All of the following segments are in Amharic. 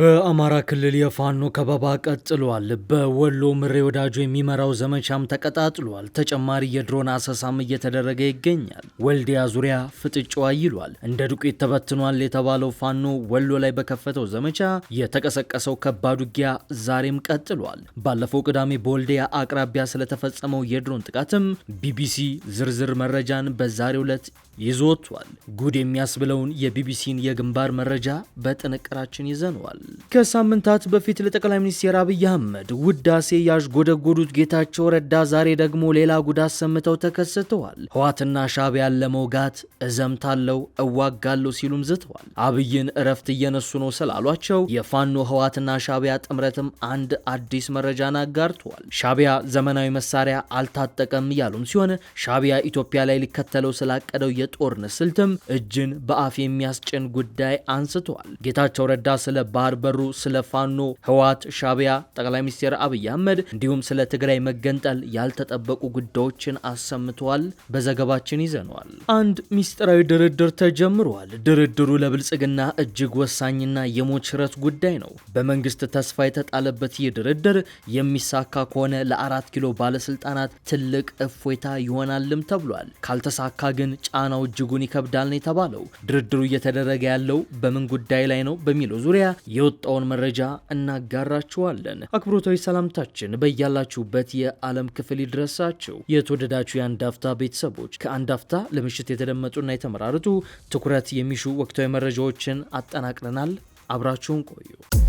በአማራ ክልል የፋኖ ከበባ ቀጥሏል። በወሎ ምሬ ወዳጆ የሚመራው ዘመቻም ተቀጣጥሏል። ተጨማሪ የድሮን አሰሳም እየተደረገ ይገኛል። ወልዲያ ዙሪያ ፍጥጫው አይሏል። እንደ ዱቄት ተበትኗል የተባለው ፋኖ ወሎ ላይ በከፈተው ዘመቻ የተቀሰቀሰው ከባድ ውጊያ ዛሬም ቀጥሏል። ባለፈው ቅዳሜ በወልዲያ አቅራቢያ ስለተፈጸመው የድሮን ጥቃትም ቢቢሲ ዝርዝር መረጃን በዛሬው ዕለት ይዞ ወጥቷል። ጉድ የሚያስብለውን የቢቢሲን የግንባር መረጃ በጥንቅራችን ይዘነዋል። ከሳምንታት በፊት ለጠቅላይ ሚኒስትር አብይ አህመድ ውዳሴ ያዥጎደጎዱት ጌታቸው ረዳ ዛሬ ደግሞ ሌላ ጉድ አሰምተው ተከስተዋል። ህዋትና ሻቢያን ለመውጋት እዘምታለው እዋጋለሁ ሲሉም ዝተዋል። አብይን እረፍት እየነሱ ነው ስላሏቸው የፋኖ ህዋትና ሻቢያ ጥምረትም አንድ አዲስ መረጃን አጋርተዋል። ሻቢያ ዘመናዊ መሳሪያ አልታጠቀም እያሉም ሲሆን ሻቢያ ኢትዮጵያ ላይ ሊከተለው ስላቀደው የጦርነት ስልትም እጅን በአፍ የሚያስጭን ጉዳይ አንስተዋል። ጌታቸው ረዳ ስለ ባህር በሩ፣ ስለ ፋኖ፣ ህወሓት፣ ሻቢያ፣ ጠቅላይ ሚኒስትር አብይ አህመድ እንዲሁም ስለ ትግራይ መገንጠል ያልተጠበቁ ጉዳዮችን አሰምተዋል። በዘገባችን ይዘነዋል። አንድ ሚስጥራዊ ድርድር ተጀምሯል። ድርድሩ ለብልጽግና እጅግ ወሳኝና የሞችረት ጉዳይ ነው። በመንግስት ተስፋ የተጣለበት ይህ ድርድር የሚሳካ ከሆነ ለአራት ኪሎ ባለስልጣናት ትልቅ እፎይታ ይሆናልም ተብሏል። ካልተሳካ ግን ጫናው ጫናው እጅጉን ይከብዳል ነው የተባለው። ድርድሩ እየተደረገ ያለው በምን ጉዳይ ላይ ነው በሚለው ዙሪያ የወጣውን መረጃ እናጋራችኋለን። አክብሮታዊ ሰላምታችን በያላችሁበት የዓለም ክፍል ይድረሳችሁ። የተወደዳችሁ የአንድ አፍታ ቤተሰቦች ከአንድ አፍታ ለምሽት የተደመጡና የተመራረጡ ትኩረት የሚሹ ወቅታዊ መረጃዎችን አጠናቅረናል። አብራችሁን ቆዩ።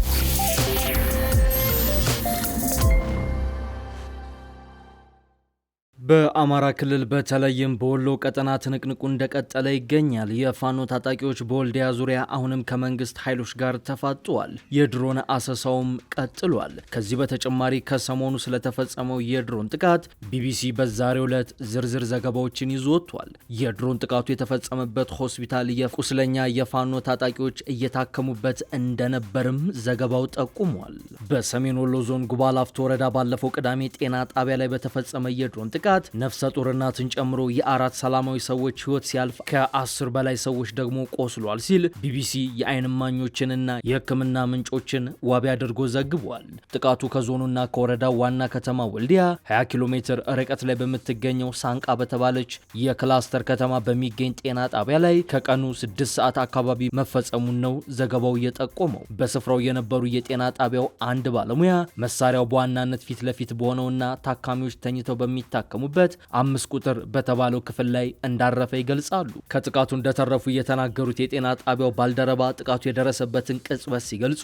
በአማራ ክልል በተለይም በወሎ ቀጠና ትንቅንቁ እንደቀጠለ ይገኛል። የፋኖ ታጣቂዎች በወልዲያ ዙሪያ አሁንም ከመንግስት ኃይሎች ጋር ተፋጠዋል። የድሮን አሰሳውም ቀጥሏል። ከዚህ በተጨማሪ ከሰሞኑ ስለተፈጸመው የድሮን ጥቃት ቢቢሲ በዛሬው ዕለት ዝርዝር ዘገባዎችን ይዞ ወጥቷል። የድሮን ጥቃቱ የተፈጸመበት ሆስፒታል የቁስለኛ የፋኖ ታጣቂዎች እየታከሙበት እንደነበርም ዘገባው ጠቁሟል። በሰሜን ወሎ ዞን ጉባ ወረዳ ባለፈው ቅዳሜ ጤና ጣቢያ ላይ በተፈጸመ የድሮን ጥቃት ጥቃት ነፍሰ ጡር እናትን ጨምሮ የአራት ሰላማዊ ሰዎች ህይወት ሲያልፍ ከአስር በላይ ሰዎች ደግሞ ቆስሏል ሲል ቢቢሲ የአይን እማኞችንና የህክምና ምንጮችን ዋቢ አድርጎ ዘግቧል። ጥቃቱ ከዞኑና ከወረዳው ዋና ከተማ ወልዲያ 20 ኪሎ ሜትር ርቀት ላይ በምትገኘው ሳንቃ በተባለች የክላስተር ከተማ በሚገኝ ጤና ጣቢያ ላይ ከቀኑ 6 ሰዓት አካባቢ መፈጸሙን ነው ዘገባው እየጠቆመው። በስፍራው የነበሩ የጤና ጣቢያው አንድ ባለሙያ መሳሪያው በዋናነት ፊት ለፊት በሆነውና ታካሚዎች ተኝተው በሚታከሙ የተጠቀሙበት አምስት ቁጥር በተባለው ክፍል ላይ እንዳረፈ ይገልጻሉ። ከጥቃቱ እንደተረፉ የተናገሩት የጤና ጣቢያው ባልደረባ ጥቃቱ የደረሰበትን ቅጽበት ሲገልጹ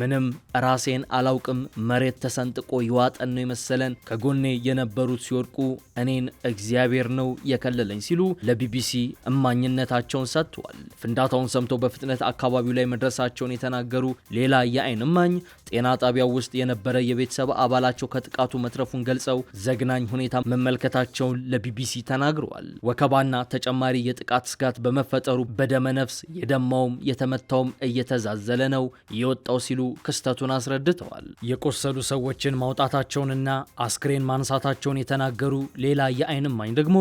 ምንም ራሴን አላውቅም፣ መሬት ተሰንጥቆ ይዋጠን ነው የመሰለን። ከጎኔ የነበሩት ሲወድቁ እኔን እግዚአብሔር ነው የከለለኝ ሲሉ ለቢቢሲ እማኝነታቸውን ሰጥተዋል። ፍንዳታውን ሰምተው በፍጥነት አካባቢው ላይ መድረሳቸውን የተናገሩ ሌላ የአይን እማኝ ጤና ጣቢያው ውስጥ የነበረ የቤተሰብ አባላቸው ከጥቃቱ መትረፉን ገልጸው ዘግናኝ ሁኔታ መመለ መመልከታቸውን ለቢቢሲ ተናግረዋል። ወከባና ተጨማሪ የጥቃት ስጋት በመፈጠሩ በደመነፍስ የደማውም የተመታውም እየተዛዘለ ነው የወጣው ሲሉ ክስተቱን አስረድተዋል። የቆሰሉ ሰዎችን ማውጣታቸውንና አስክሬን ማንሳታቸውን የተናገሩ ሌላ የአይን እማኝ ደግሞ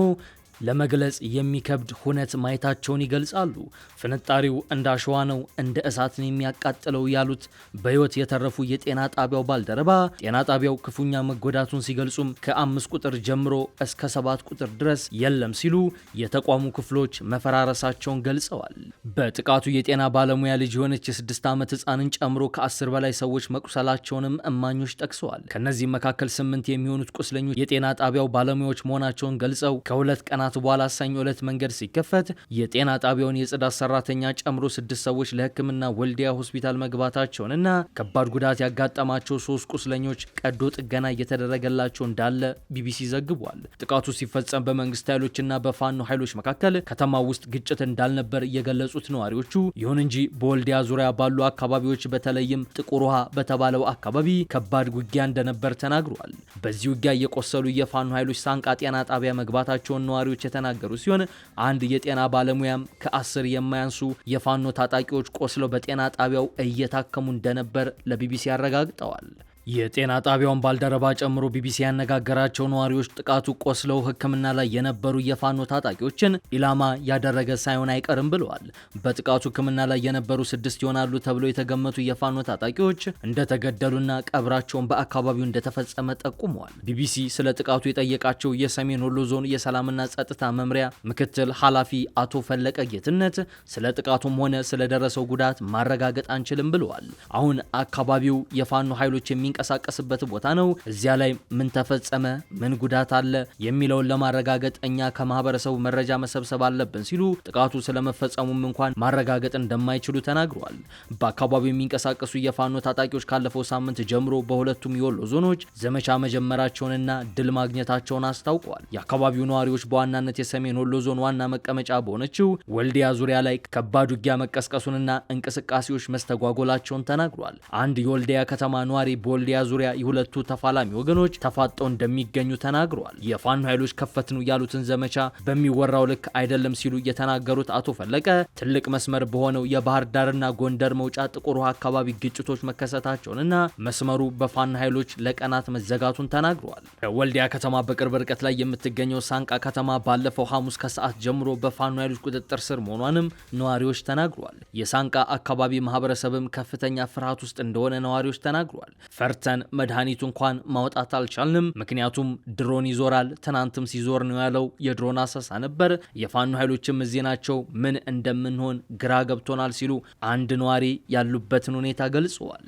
ለመግለጽ የሚከብድ ሁነት ማየታቸውን ይገልጻሉ። ፍንጣሪው እንደ አሸዋ ነው፣ እንደ እሳት ነው የሚያቃጥለው ያሉት በሕይወት የተረፉ የጤና ጣቢያው ባልደረባ ጤና ጣቢያው ክፉኛ መጎዳቱን ሲገልጹም ከአምስት ቁጥር ጀምሮ እስከ ሰባት ቁጥር ድረስ የለም ሲሉ የተቋሙ ክፍሎች መፈራረሳቸውን ገልጸዋል። በጥቃቱ የጤና ባለሙያ ልጅ የሆነች የስድስት ዓመት ህፃንን ጨምሮ ከአስር በላይ ሰዎች መቁሰላቸውንም እማኞች ጠቅሰዋል። ከእነዚህ መካከል ስምንት የሚሆኑት ቁስለኞች የጤና ጣቢያው ባለሙያዎች መሆናቸውን ገልጸው ከሁለት ቀናት ከቀናት በኋላ ሰኞ ዕለት መንገድ ሲከፈት የጤና ጣቢያውን የጽዳት ሰራተኛ ጨምሮ ስድስት ሰዎች ለሕክምና ወልዲያ ሆስፒታል መግባታቸውንና ከባድ ጉዳት ያጋጠማቸው ሶስት ቁስለኞች ቀዶ ጥገና እየተደረገላቸው እንዳለ ቢቢሲ ዘግቧል። ጥቃቱ ሲፈጸም በመንግስት ኃይሎችና በፋኖ ኃይሎች መካከል ከተማ ውስጥ ግጭት እንዳልነበር የገለጹት ነዋሪዎቹ፣ ይሁን እንጂ በወልዲያ ዙሪያ ባሉ አካባቢዎች በተለይም ጥቁር ውሃ በተባለው አካባቢ ከባድ ውጊያ እንደነበር ተናግሯል። በዚህ ውጊያ የቆሰሉ የፋኖ ኃይሎች ሳንቃ ጤና ጣቢያ መግባታቸውን ነዋሪዎች ምንጮች የተናገሩ ሲሆን አንድ የጤና ባለሙያም ከአስር የማያንሱ የፋኖ ታጣቂዎች ቆስለው በጤና ጣቢያው እየታከሙ እንደነበር ለቢቢሲ አረጋግጠዋል። የጤና ጣቢያውን ባልደረባ ጨምሮ ቢቢሲ ያነጋገራቸው ነዋሪዎች ጥቃቱ ቆስለው ሕክምና ላይ የነበሩ የፋኖ ታጣቂዎችን ኢላማ ያደረገ ሳይሆን አይቀርም ብለዋል። በጥቃቱ ሕክምና ላይ የነበሩ ስድስት ይሆናሉ ተብሎ የተገመቱ የፋኖ ታጣቂዎች እንደተገደሉና ቀብራቸውን በአካባቢው እንደተፈጸመ ጠቁመዋል። ቢቢሲ ስለ ጥቃቱ የጠየቃቸው የሰሜን ወሎ ዞን የሰላምና ጸጥታ መምሪያ ምክትል ኃላፊ አቶ ፈለቀ ጌትነት ስለ ጥቃቱም ሆነ ስለደረሰው ጉዳት ማረጋገጥ አንችልም ብለዋል። አሁን አካባቢው የፋኖ ኃይሎች የሚ የሚንቀሳቀስበት ቦታ ነው። እዚያ ላይ ምን ተፈጸመ፣ ምን ጉዳት አለ የሚለውን ለማረጋገጥ እኛ ከማህበረሰቡ መረጃ መሰብሰብ አለብን ሲሉ ጥቃቱ ስለመፈጸሙም እንኳን ማረጋገጥ እንደማይችሉ ተናግረዋል። በአካባቢው የሚንቀሳቀሱ የፋኖ ታጣቂዎች ካለፈው ሳምንት ጀምሮ በሁለቱም የወሎ ዞኖች ዘመቻ መጀመራቸውንና ድል ማግኘታቸውን አስታውቋል። የአካባቢው ነዋሪዎች በዋናነት የሰሜን ወሎ ዞን ዋና መቀመጫ በሆነችው ወልዲያ ዙሪያ ላይ ከባድ ውጊያ መቀስቀሱንና እንቅስቃሴዎች መስተጓጎላቸውን ተናግሯል። አንድ የወልዲያ ከተማ ነዋሪ በወል በወልዲያ ዙሪያ የሁለቱ ተፋላሚ ወገኖች ተፋጠው እንደሚገኙ ተናግረዋል። የፋኖ ኃይሎች ከፈትኑ ያሉትን ዘመቻ በሚወራው ልክ አይደለም ሲሉ የተናገሩት አቶ ፈለቀ ትልቅ መስመር በሆነው የባህር ዳርና ጎንደር መውጫ ጥቁር ውሃ አካባቢ ግጭቶች መከሰታቸውንና መስመሩ በፋኖ ኃይሎች ለቀናት መዘጋቱን ተናግረዋል። ወልዲያ ከተማ በቅርብ ርቀት ላይ የምትገኘው ሳንቃ ከተማ ባለፈው ሐሙስ ከሰዓት ጀምሮ በፋኖ ኃይሎች ቁጥጥር ስር መሆኗንም ነዋሪዎች ተናግረዋል። የሳንቃ አካባቢ ማህበረሰብም ከፍተኛ ፍርሃት ውስጥ እንደሆነ ነዋሪዎች ተናግረዋል። ጠርተን መድኃኒቱ እንኳን ማውጣት አልቻልንም፣ ምክንያቱም ድሮን ይዞራል። ትናንትም ሲዞር ነው ያለው። የድሮን አሰሳ ነበር። የፋኖ ኃይሎችም እዚህ ናቸው። ምን እንደምንሆን ግራ ገብቶናል ሲሉ አንድ ነዋሪ ያሉበትን ሁኔታ ገልጸዋል።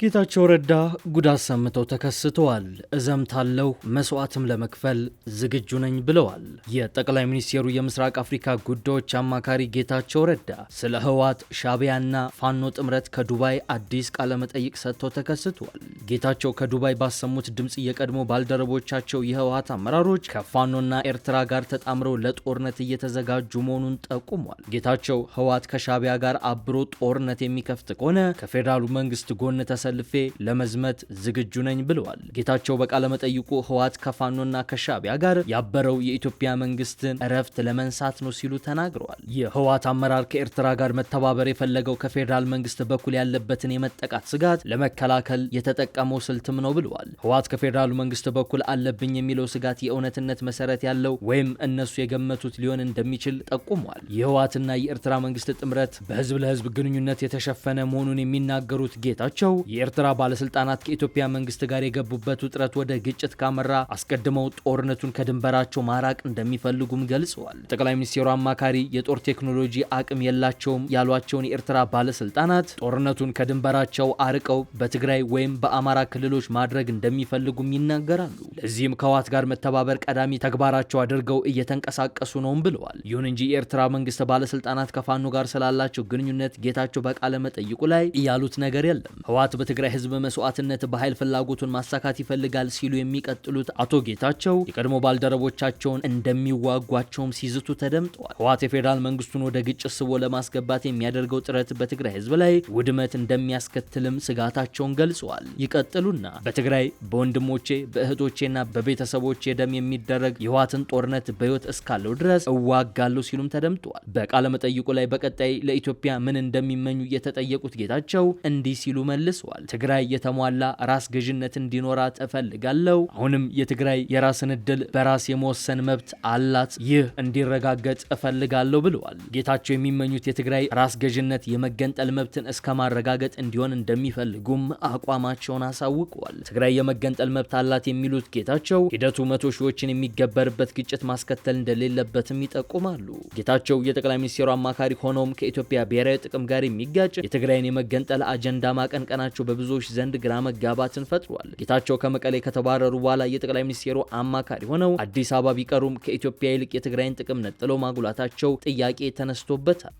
ጌታቸው ረዳ ጉድ አሰምተው ተከስተዋል። እዘምታለሁ፣ መስዋዕትም ለመክፈል ዝግጁ ነኝ ብለዋል። የጠቅላይ ሚኒስትሩ የምስራቅ አፍሪካ ጉዳዮች አማካሪ ጌታቸው ረዳ ስለ ህወሓት ሻቢያና ፋኖ ጥምረት ከዱባይ አዲስ ቃለመጠይቅ ሰጥተው ተከስተዋል። ጌታቸው ከዱባይ ባሰሙት ድምፅ የቀድሞ ባልደረቦቻቸው የህወሓት አመራሮች ከፋኖና ኤርትራ ጋር ተጣምረው ለጦርነት እየተዘጋጁ መሆኑን ጠቁሟል። ጌታቸው ህወሓት ከሻቢያ ጋር አብሮ ጦርነት የሚከፍት ከሆነ ከፌዴራሉ መንግስት ጎን ተሰ ተሰልፌ ለመዝመት ዝግጁ ነኝ ብለዋል። ጌታቸው በቃለመጠይቁ ህወሓት ከፋኖና ከሻቢያ ጋር ያበረው የኢትዮጵያ መንግስትን እረፍት ለመንሳት ነው ሲሉ ተናግረዋል። የህወሓት አመራር ከኤርትራ ጋር መተባበር የፈለገው ከፌዴራል መንግስት በኩል ያለበትን የመጠቃት ስጋት ለመከላከል የተጠቀመው ስልትም ነው ብለዋል። ህወሓት ከፌዴራሉ መንግስት በኩል አለብኝ የሚለው ስጋት የእውነትነት መሰረት ያለው ወይም እነሱ የገመቱት ሊሆን እንደሚችል ጠቁሟል። የህወሓትና የኤርትራ መንግስት ጥምረት በህዝብ ለህዝብ ግንኙነት የተሸፈነ መሆኑን የሚናገሩት ጌታቸው የኤርትራ ባለስልጣናት ከኢትዮጵያ መንግስት ጋር የገቡበት ውጥረት ወደ ግጭት ካመራ አስቀድመው ጦርነቱን ከድንበራቸው ማራቅ እንደሚፈልጉም ገልጸዋል። ጠቅላይ ሚኒስቴሩ አማካሪ የጦር ቴክኖሎጂ አቅም የላቸውም ያሏቸውን የኤርትራ ባለስልጣናት ጦርነቱን ከድንበራቸው አርቀው በትግራይ ወይም በአማራ ክልሎች ማድረግ እንደሚፈልጉም ይናገራሉ። ለዚህም ከህወሓት ጋር መተባበር ቀዳሚ ተግባራቸው አድርገው እየተንቀሳቀሱ ነውም ብለዋል። ይሁን እንጂ የኤርትራ መንግስት ባለስልጣናት ከፋኖ ጋር ስላላቸው ግንኙነት ጌታቸው በቃለ መጠይቁ ላይ እያሉት ነገር የለም። ህወሓት የትግራይ ህዝብ መስዋዕትነት በኃይል ፍላጎቱን ማሳካት ይፈልጋል ሲሉ የሚቀጥሉት አቶ ጌታቸው የቀድሞ ባልደረቦቻቸውን እንደሚዋጓቸውም ሲዝቱ ተደምጠዋል። ህወሓት የፌዴራል መንግስቱን ወደ ግጭት ስቦ ለማስገባት የሚያደርገው ጥረት በትግራይ ህዝብ ላይ ውድመት እንደሚያስከትልም ስጋታቸውን ገልጸዋል። ይቀጥሉና በትግራይ በወንድሞቼ በእህቶቼና በቤተሰቦቼ ደም የሚደረግ የህወሓትን ጦርነት በህይወት እስካለው ድረስ እዋጋለሁ ሲሉም ተደምጠዋል። በቃለመጠይቁ ላይ በቀጣይ ለኢትዮጵያ ምን እንደሚመኙ የተጠየቁት ጌታቸው እንዲህ ሲሉ መልሰዋል። ተናግረዋል። ትግራይ የተሟላ ራስ ገዥነት እንዲኖራት እፈልጋለሁ። አሁንም የትግራይ የራስን እድል በራስ የመወሰን መብት አላት፣ ይህ እንዲረጋገጥ እፈልጋለሁ ብለዋል። ጌታቸው የሚመኙት የትግራይ ራስ ገዥነት የመገንጠል መብትን እስከ ማረጋገጥ እንዲሆን እንደሚፈልጉም አቋማቸውን አሳውቀዋል። ትግራይ የመገንጠል መብት አላት የሚሉት ጌታቸው ሂደቱ መቶ ሺዎችን የሚገበርበት ግጭት ማስከተል እንደሌለበትም ይጠቁማሉ። ጌታቸው የጠቅላይ ሚኒስትሩ አማካሪ ሆነውም ከኢትዮጵያ ብሔራዊ ጥቅም ጋር የሚጋጭ የትግራይን የመገንጠል አጀንዳ ማቀንቀናቸው በብዙዎች ዘንድ ግራ መጋባትን ፈጥሯል። ጌታቸው ከመቀሌ ከተባረሩ በኋላ የጠቅላይ ሚኒስቴሩ አማካሪ ሆነው አዲስ አበባ ቢቀሩም ከኢትዮጵያ ይልቅ የትግራይን ጥቅም ነጥለው ማጉላታቸው ጥያቄ ተነስቶበታል።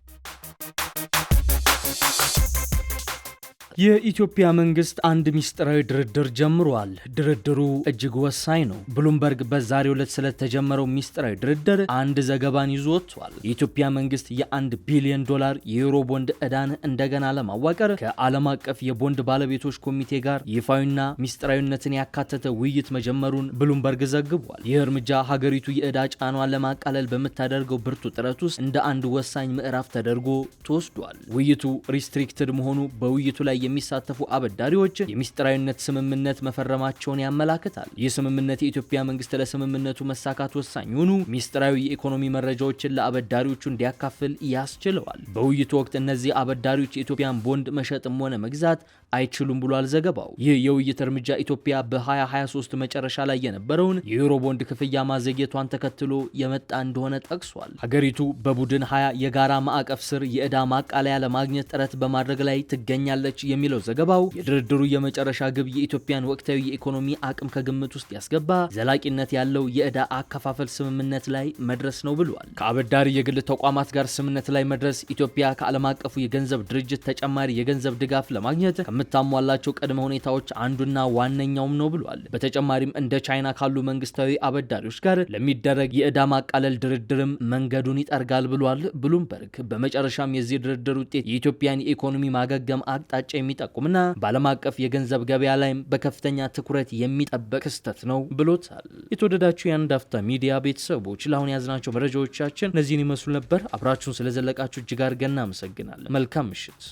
የኢትዮጵያ መንግስት አንድ ሚስጥራዊ ድርድር ጀምሯል። ድርድሩ እጅግ ወሳኝ ነው። ብሉምበርግ በዛሬው ዕለት ስለተጀመረው ሚስጥራዊ ድርድር አንድ ዘገባን ይዞ ወጥቷል። የኢትዮጵያ መንግስት የአንድ ቢሊዮን ዶላር የዩሮ ቦንድ ዕዳን እንደገና ለማዋቀር ከዓለም አቀፍ የቦንድ ባለቤቶች ኮሚቴ ጋር ይፋዊና ሚስጥራዊነትን ያካተተ ውይይት መጀመሩን ብሉምበርግ ዘግቧል። ይህ እርምጃ ሀገሪቱ የዕዳ ጫኗን ለማቃለል በምታደርገው ብርቱ ጥረት ውስጥ እንደ አንድ ወሳኝ ምዕራፍ ተደርጎ ተወስዷል። ውይይቱ ሪስትሪክትድ መሆኑ በውይይቱ ላይ የሚሳተፉ አበዳሪዎች የሚስጥራዊነት ስምምነት መፈረማቸውን ያመላክታል። ይህ ስምምነት የኢትዮጵያ መንግስት ለስምምነቱ መሳካት ወሳኝ የሆኑ ሚስጥራዊ የኢኮኖሚ መረጃዎችን ለአበዳሪዎቹ እንዲያካፍል ያስችለዋል። በውይይቱ ወቅት እነዚህ አበዳሪዎች የኢትዮጵያን ቦንድ መሸጥም ሆነ መግዛት አይችሉም ብሏል ዘገባው። ይህ የውይይት እርምጃ ኢትዮጵያ በ2023 መጨረሻ ላይ የነበረውን የዩሮ ቦንድ ክፍያ ማዘግየቷን ተከትሎ የመጣ እንደሆነ ጠቅሷል። ሀገሪቱ በቡድን ሀያ የጋራ ማዕቀፍ ስር የዕዳ ማቃለያ ለማግኘት ጥረት በማድረግ ላይ ትገኛለች የሚለው ዘገባው የድርድሩ የመጨረሻ ግብ የኢትዮጵያን ወቅታዊ የኢኮኖሚ አቅም ከግምት ውስጥ ያስገባ ዘላቂነት ያለው የዕዳ አከፋፈል ስምምነት ላይ መድረስ ነው ብሏል። ከአበዳሪ የግል ተቋማት ጋር ስምምነት ላይ መድረስ ኢትዮጵያ ከዓለም አቀፉ የገንዘብ ድርጅት ተጨማሪ የገንዘብ ድጋፍ ለማግኘት ከምታሟላቸው ቅድመ ሁኔታዎች አንዱና ዋነኛውም ነው ብሏል። በተጨማሪም እንደ ቻይና ካሉ መንግስታዊ አበዳሪዎች ጋር ለሚደረግ የዕዳ ማቃለል ድርድርም መንገዱን ይጠርጋል ብሏል ብሉምበርግ። በመጨረሻም የዚህ ድርድር ውጤት የኢትዮጵያን የኢኮኖሚ ማገገም አቅጣጫ የሚጠቁምና በዓለም አቀፍ የገንዘብ ገበያ ላይም በከፍተኛ ትኩረት የሚጠበቅ ክስተት ነው ብሎታል። የተወደዳችሁ የአንድ አፍታ ሚዲያ ቤተሰቦች ለአሁን ያዝናቸው መረጃዎቻችን እነዚህን ይመስሉ ነበር። አብራችሁን ስለዘለቃችሁ እጅግ አድርገን እናመሰግናለን። መልካም ምሽት።